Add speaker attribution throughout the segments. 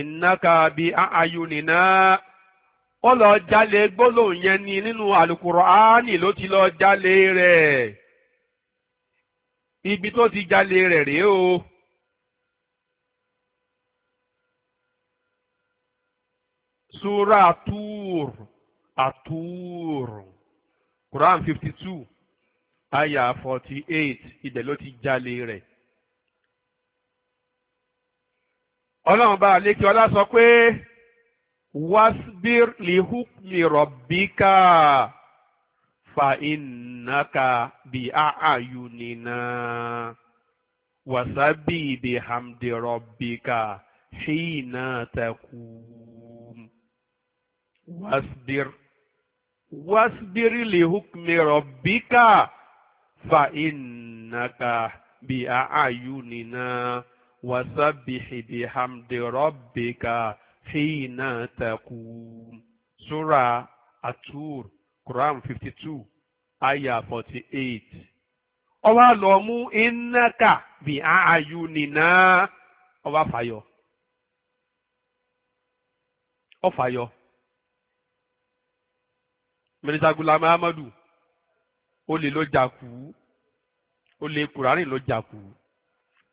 Speaker 1: ìnáka bí ayunina ó lọ jálè gbólóhùn yẹn ni nínú alukur'ani ló ti lọ jálè rẹ̀ ibi tó ti jálè rẹ̀ rèé o. sura atur atur quran fifty two aya forty eight ibẹ̀ ló ti jálè rẹ̀. ọlọ́run bá lékè ọlá sọ pé wasbir lihukmi rabbika fa innaka bi a'yunina wasabi bi hamdi rabbika hina takum wasbir wasbir lihukmi rabbika fa innaka bi a'yunina wasabihi bihamdi rabbika hina taqum sura atur quran fifty two aya forty eight ó wá lọ mú innaka bi ayunina ó wá fàyọ ó fàyọ mẹrìndínlá gula mahamadu ó jà kú ó lè kúránì jà kú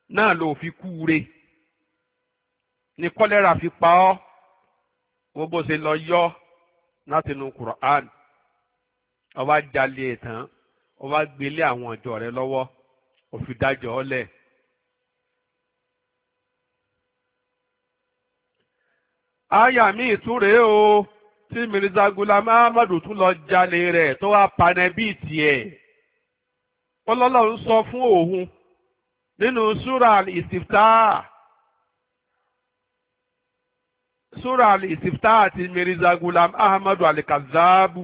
Speaker 1: náà ló fi kú re ni kọ́lẹ́rà fi pa ọ́ wọ́n bó ṣe lọ yọ láti inú Qur'an ó wá jalè ẹ̀ tán ó wá gbélé àwọn ọ̀jọ́ rẹ lọ́wọ́ ó fi dájọ́ àyà mi tún rèé o tí Mirza Ghulam Ahmad tún lọ jalè rẹ̀ tó wá panẹ́ bíi tiẹ̀ ọlọ́lọ́run sọ fún òun nínú súra ìsìftà súra ìsìftà àti mirza gulam ahmadu alikazabu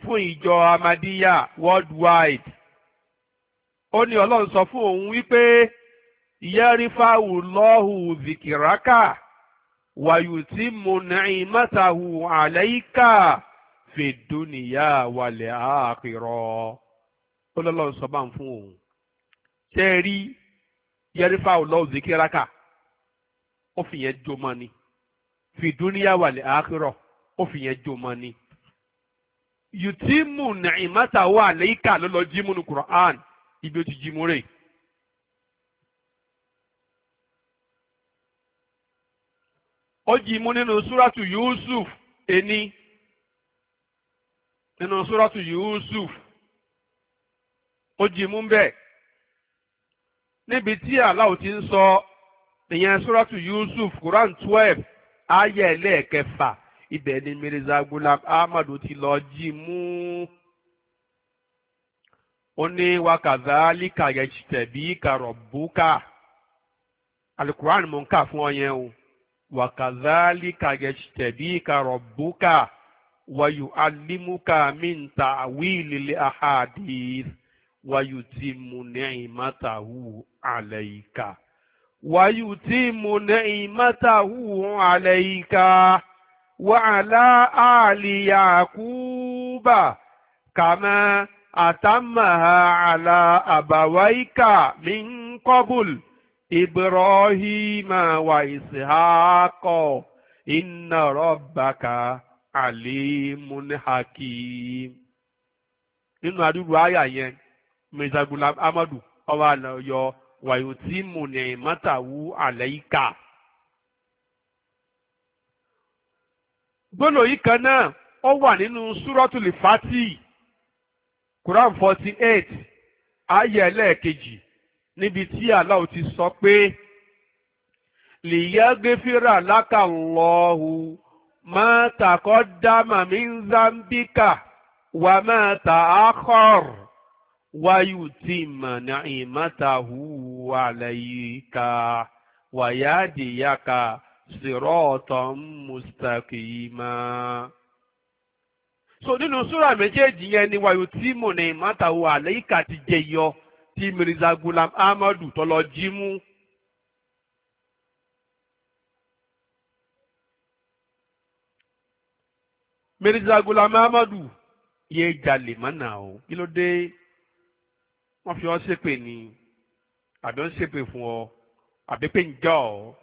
Speaker 1: fún ìjọ amadiya worldwide ó ní ọlọ́run sọ fún òun wípé yẹ́rífàwù lọ́hù zìkìrákà wàyùtí mùnàìmátàhù àlẹ́yíkà fèdúnìyà wàlẹ̀ àkìrọ̀ ó lọ́lọ́run sọ bá ń fún òun ṣe yẹrífà ọlọ́run zikiraka ó fi yẹn jó mọ́ ni fi dúníyà wà ní àkírọ̀ ó fi yẹn jó mọ́ ni. yùtímù nàìmátà wà lẹ́yìká ló lọ jí múnu Qur'an ibi ó ti jí mú rè. ó jí mú Yusuf eni nínú súrátù Yusuf ó jí mú níbi tí aláwo ti ń sọ ìyẹn suratu Yusuf Quran twelve ayé ẹlẹ́ẹ̀kẹfà ibẹ̀ ni Mirza Ghulam Ahmadu ti lọ jí mú ó ní wakadhalika yajtabika rabbuka alukuran mò ń kà fún ọ yẹn o wakadhalika yajtabika rabbuka wayu'allimuka min ta'wilil ahadith wayutimmu ni'matahu عليك ويتم نعمته عليك وعلى آل يعقوب كما أتمها على أبويك من قبل إبراهيم وإسحاق إن ربك عليم حكيم nínú àdúgbò àyà yẹn mr gulam amadu ọba àlọ yọ wàyòtí mùnì mátàwù àlẹ́yíkà. gbọ́dọ̀ yìí kan náà ó wà nínú súrọ́tùlì fati Quran forty eight ayé ẹlẹ́ẹ̀kejì níbi tí Allah ti sọ pé lìyẹ́gẹ́fìrà lákàlọ́hù máa tàkọ́ dámà min zambika wà máa tà á kọ́rù. ويتم نعمته عليك ويهديك صراطا مستقيما so nínú súrà méjèèjì yẹn ni wàyò tí mò ní mátàwọ àlẹ́yìká ti jẹyọ tí mirza gulam ahmadu tọlọ mirza gulam ahmadu yéé jalè mọ́nà o kí ló dé wọ́n fi ọ́ ṣépè ni àbí ń ṣépè fún ọ àbí pé ń já ọ.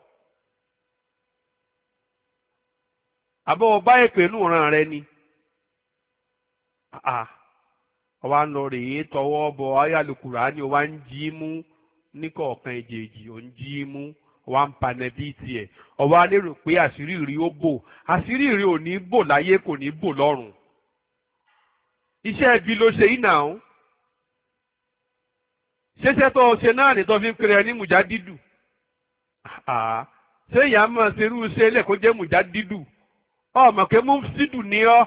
Speaker 1: àbọ̀ ọba èpè nù ràn rẹ ni ọba ń lọ rèé tọwọ́ bọ ayálukùrá ni ọba ń jí mú níkọ̀ọ̀kan èjèèjì ò ń jí mú ọba ń panẹ bíi tiẹ̀ ọba lérò pé àṣírí ìrí ó bò àṣírí ìrí ò ní bò láyé kò ní bò lọ́run iṣẹ́ ibi ló ṣe yìí náà ṣẹṣẹ tó ṣe náà ní tó fi ń pèrè ẹni mùjá dídù ṣé ìyá máa ṣe irú ṣe lẹ̀ kó jẹ́ mùjá dídù ọmọ pé mufsidu ni ọ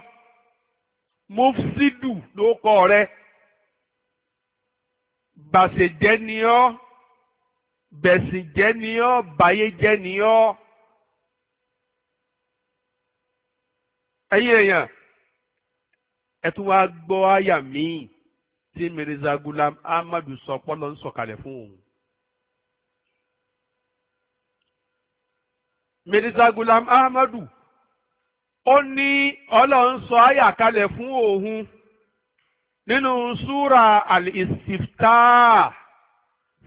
Speaker 1: mufsidu ló kọ rẹ bàṣẹjẹ ni ọ bẹ̀sìnjẹ́ ni ọ bàyéjẹ́ ni ọ. ẹ̀yin èèyàn ẹ tún wá gbọ́ àyà míì. tí mirza ahmadu sọ kpọlọ ń fún òun. mirza gulam ahmadu ó ní ọlọ́run nsọ àyà fún òun nínú súra al-istifta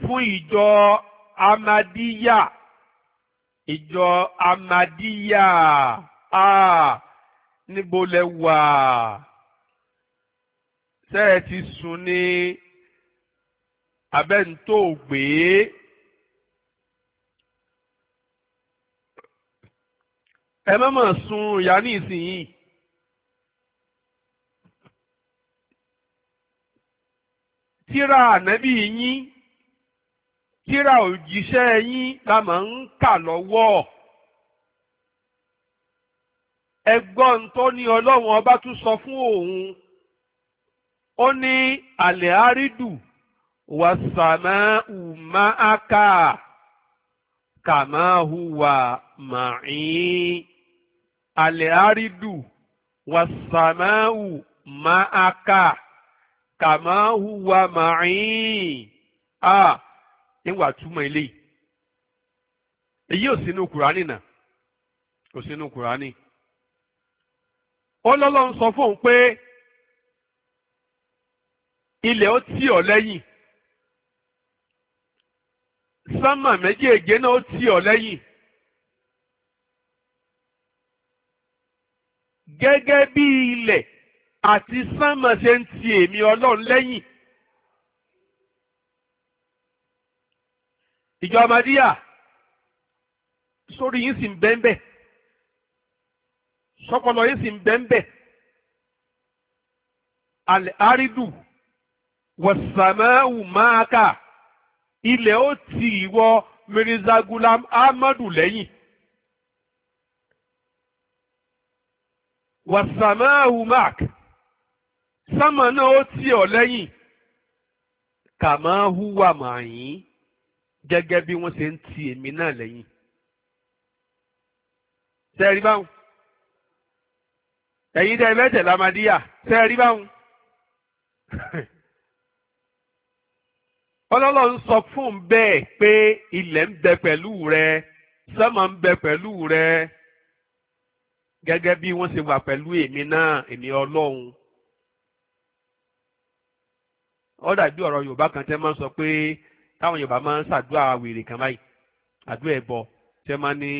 Speaker 1: fún ìjọ amadiya ìjọ amadiya a níbo lẹ wà. ṣé ẹ ti sùn ní abẹ́ntó gbé ẹ má mà sun ìyá ní ìsinyìí. tíra ànábì yín tíra òjíṣẹ́ yín la máa ń kà lọ́wọ́ ẹgbọ́n tó ní ọlọ́run ọba tún sọ fún òun o ní àlẹ́ àrídù wàsàmà ùmá àkà kàmá hùwà màáyín àlẹ́ àrídù ùmá kàmá hùwà a níwà túmọ̀ eléyìí èyí ò sínú kùránì náà kò sínú kùránì ó sọ ilẹ̀ ó tì ọ́ lẹ́yìn sánmà méjèèje náà ó tì ọ́ lẹ́yìn gẹ́gẹ́ bí ilẹ̀ àti sánmà ṣe ń tì èmi ọlọ́run lẹ́yìn. ìjọ amadíyà sórí yín sì ń bẹ́ńbẹ́ sọ́pọ̀lọ́ yín sì ń bẹ́ńbẹ́ àrídù wọ̀sàmáwù máàkà ilẹ̀ ó ti ìwọ mirza gulam ahmadu lẹ́yìn. wàsàmáàwù mark sámà náà ó tì ọ́ lẹ́yìn kàmá hùwà màáyín gẹ́gẹ́ bí wọ́n ṣe ń tì èmi náà lẹ́yìn. sẹ́ẹ̀rí báwọn ẹ̀yin dẹ́ mẹ́tẹ̀lá sẹ́ẹ̀rí báwọn. ọlọ́lọ́run sọ fún bẹ́ẹ̀ pé ilẹ̀ ń bẹ pẹ̀lú rẹ sánmà ń bẹ pẹ̀lú rẹ gẹ́gẹ́ bí wọ́n ṣe wà pẹ̀lú èmi náà èmi ọlọ́run. ó dàbí ọ̀rọ̀ yorùbá kan tẹ́ máa ń sọ pé táwọn yorùbá máa ń ṣàdúrà wèrè kan báyìí àdúrà ẹ̀bọ tẹ́ máa ní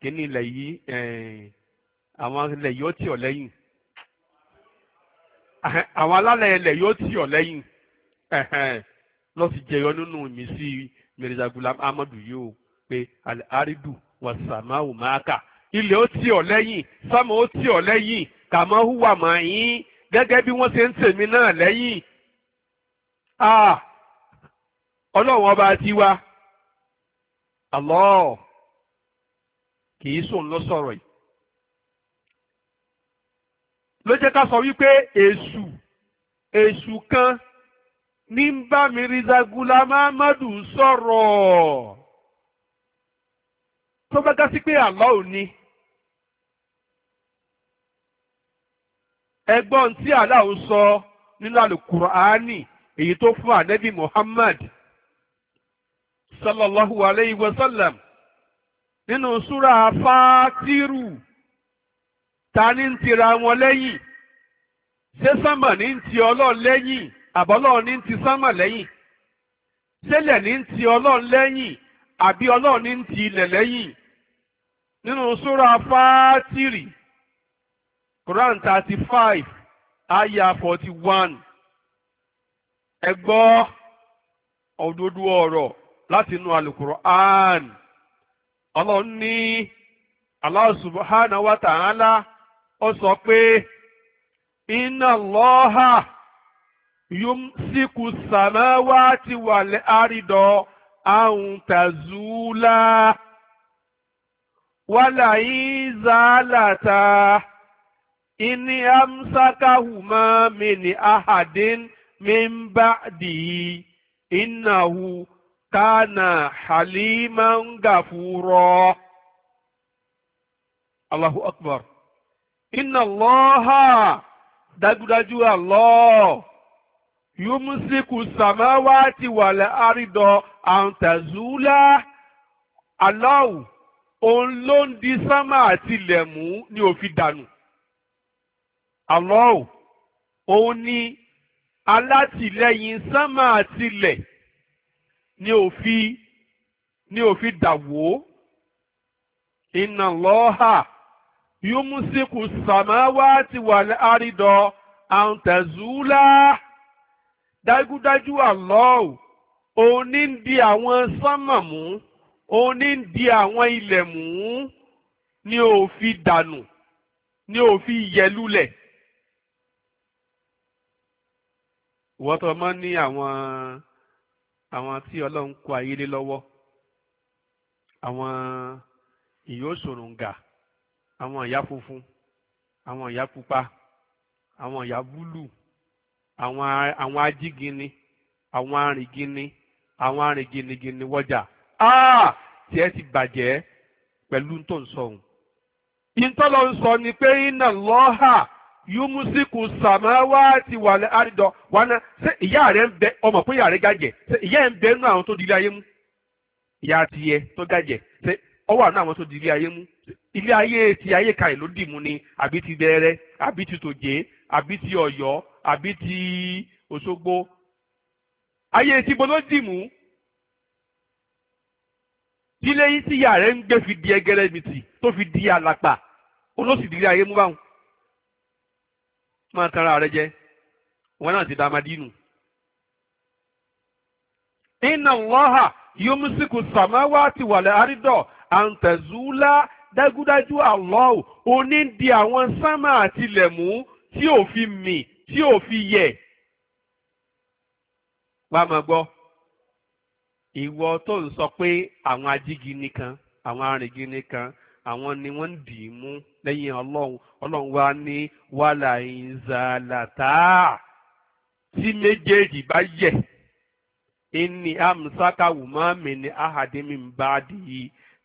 Speaker 1: kíní ilẹ̀ yìí àwọn ilẹ̀ yìí ó tì ọ́ lẹ́yìn àwọn alálẹ̀ ilẹ̀ yóò tì ọ́ lẹ́yìn ló fi jẹyọ nínú ìmísí Mirza Gulam Ahmadu yìí o pé àrídù wà sàmáwò máàkà ilẹ̀ ó tì ọ́ lẹ́yìn sámà ó tì ọ́ lẹ́yìn kàmọ́ hùwà mà yín gẹ́gẹ́ bí wọ́n ṣe ń tèmi náà lẹ́yìn. ọlọ́run ọba tiwa Allah kì í sùn lọ sọ̀rọ̀ yìí ló jẹ́ ká sọ wípé èṣù èṣù kan ní bá Mirza Zagula Ahmad sọ̀rọ̀ tó bá gásí pé Allah ò ní. ẹgbọ́n tí Allah sọ nínú al èyí tó fún ànábì Muhammad sallallahu alayhi wa sallam nínú súra fatiru ta ni ń tira wọn lẹ́yìn ṣé sánmà ń ti Ọlọ́run lẹ́yìn. àbọ́lọ́run ní ti sánmà lẹ́yìn sẹ́lẹ̀ ní ti ọlọ́run lẹ́yìn àbí ọlọ́run ní ti ilẹ̀ lẹ́yìn nínú súra fátìrì Quran thirty five aya forty one ẹ gbọ́ òdodo ọ̀rọ̀ láti inú alukur'an ọlọ́run ní Allah subhanahu wa ó sọ pé inna Allaha. yumsiku samawati wal arido an tazula wala izalata inni amsakahuma min ahadin min ba'di innahu kana haliman gafuro Allahu akbar inna allaha dagudaju Allah yumsiku samawati wal arido antazula aláwù òun ló ń di sámà àti ilẹ̀ mú ni òfin dànù aláwù òun ni alátìlẹ́yìn sámà àti ilẹ̀ ni òfin ni òfin dàwó inna Allaha yumsiku samawati wal arido antazula dájúdájú àlọ́ọ̀ òun ní ń di àwọn sánmà mú òun ní ń di àwọn ilẹ̀ mú ni ò fi dànù ni ò fi yẹ lulẹ̀. ìwọ́n tó mọ́ ní àwọn àwọn tí ọlọ́run kó ayé lé lọ́wọ́ àwọn ìyóòsòròǹgà àwọn ìyá funfun àwọn ìyá pupa àwọn ìyá búlù àwọn àwọn ajígini àwọn arìngini àwọn arìnginigini wọ́jà áà tiẹ̀ ti bàjẹ́ pẹ̀lú tó ń sọ òun. ìtọ́lọ ń sọ ni pé iná lọ́hà yúmùsíkù sàmáwá ti wà ní àrídọ wánà ṣé ìyá rẹ ń bẹ ọmọ pé ìyá rẹ gàjẹ ṣé ìyá ń bẹ nú àwọn tó di ilé ayé mú ìyá tiẹ tó gàjẹ ṣé ọwọ́ àná àwọn tó di ilé ayé mú ilé ayé ti ayé kan ló dì ni àbí ti bẹ̀rẹ̀ àbí ti tòjé àbí ti ọyọ àbí ti Òṣogbo ayé tíbo ló dì mú tílé yìí tí ìyá rẹ̀ ń gbé fi di ẹgẹrẹ mìtì tó fi di àlàpà olóṣìdílé ayé mú báwọn máa tara rẹ jẹ wọn náà ti da amadínù. inna Allaha yumsiku samawati wal arida an tazula dájúdájú Allah òní di àwọn sánmà àti ilẹ̀ mú tí ò fi mì tí ò fi yẹ wàá máa gbọ́ ìwọ tó ń sọ pé àwọn ajígini kan àwọn arìngini kan àwọn ni wọ́n ń dì í mú lẹ́yìn ọlọ́run ọlọ́run wa ní wàhálà ìzàlàtà tí méjèèjì bá yẹ inni amsakawu ma min ahadimi ba'dihi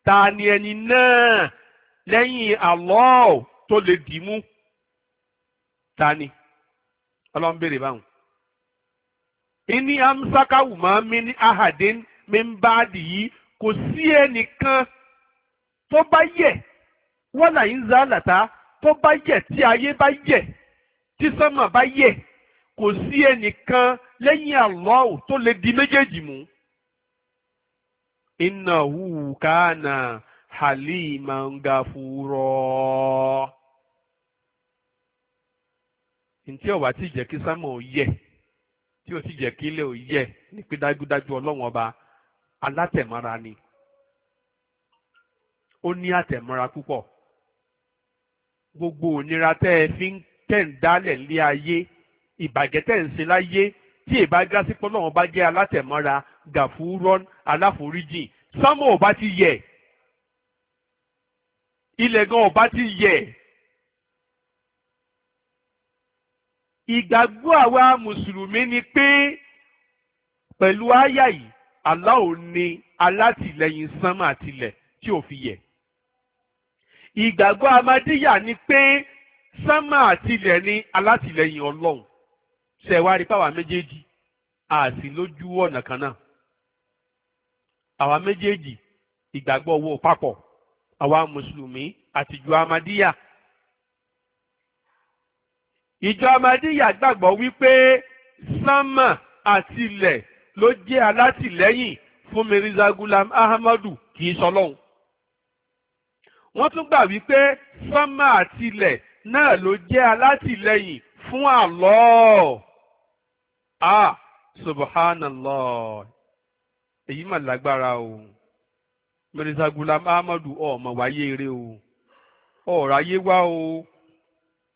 Speaker 1: ta ni ẹni náà lẹ́yìn Allah tó lè dìímú tani ọlọ́run béèrè báwọn. ìní amsakawu máa mi ní ahadin mi ń bá a dì yìí kò sí ẹnìkan tó bá yẹ wọ́n là ń zá làtá tó bá yẹ tí ayé bá yẹ tí sánmà bá yẹ kò sí ẹnìkan lẹ́yìn Allah tó lè di méjèèjì mú. innahu kana haliman gafuro ntí ọ̀wá tí jẹ́ kí sámà ò yẹ tí ò sì jẹ́ kí ilẹ̀ ò yẹ ní pé dájúdájú ọlọ́run ọba alátẹ̀mọ́ra ni ó ní àtẹ̀mọ́ra púpọ̀ gbogbo ònira tẹ́ ẹ fi ń tẹ̀ ń dálẹ̀ lé ayé ìbàjẹ́ tẹ̀ ń ṣe láyé tí ìbá gásí pé ọlọ́run ọba jẹ́ alátẹ̀mọ́ra gàfúrọ́n aláforíjìn sámà ọba ti yẹ ilẹ̀ gan ọba ti yẹ. ìgbàgbọ́ àwa mùsùlùmí ni pé pẹ̀lú àyà yìí Allah ò ní alátìlẹyìn sánmà tilẹ̀ tí ò fi yẹ̀. ìgbàgbọ́ amadíyà ni pé sánmà àtilẹ̀ ní alátìlẹyìn ọlọ́run ṣẹ̀wárí pàwá méjèèjì àti lójú ọ̀nà kan náà. àwa méjèèjì ìgbàgbọ́ owó papọ̀ àwa mùsùlùmí àtijọ́ amadíyà ìjọ amadíyà gbàgbọ́ wípé sánmà àti ilẹ̀ ló jẹ́ alátìlẹ́yìn fún mirza gulam ahmadu kì í sọlọ́hun. wọ́n tún gbà wípé sánmà àti ilẹ̀ náà ló jẹ́ alátìlẹ́yìn fún Allah. ah subhanallah èyí mà lágbára o mirza gulam ahmadu ọ̀ọ́mọ̀ wáyé eré o ọ̀ọ́ráyé wá o.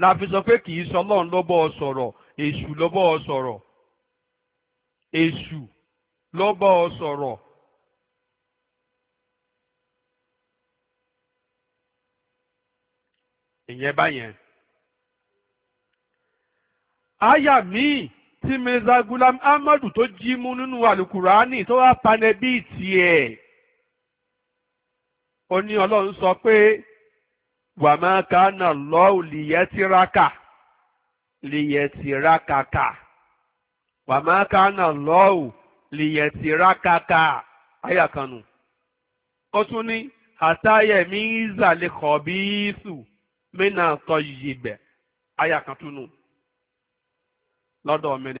Speaker 1: la fi sọ pé kì í sọ lọ́n lọ́bọ̀ ọ sọ̀rọ̀ èṣù lọ́bọ̀ ọ sọ̀rọ̀ èṣù lọ́bọ̀ ọ sọ̀rọ̀. ìyẹn báyẹn. àyà míì tí mirza gulam ahmadu tó jí mú nínú alukurani tó wá panẹ bíi tiẹ̀. ó ní ọlọ́run sọ pé wàmọ́ kánà lọ́wọ́ lìyẹ́tìráka lìyẹ́tìrákàkà wàmọ́ kánà lọ́wọ́ lìyẹ́tìrákàkà ayàkànnù. ó tún ní àtàyẹ̀mí ìzàlẹ̀kọ̀bíìsù mínà tọ́ yìí bẹ̀ ayàkàntúnù lọ́dọ̀ mi.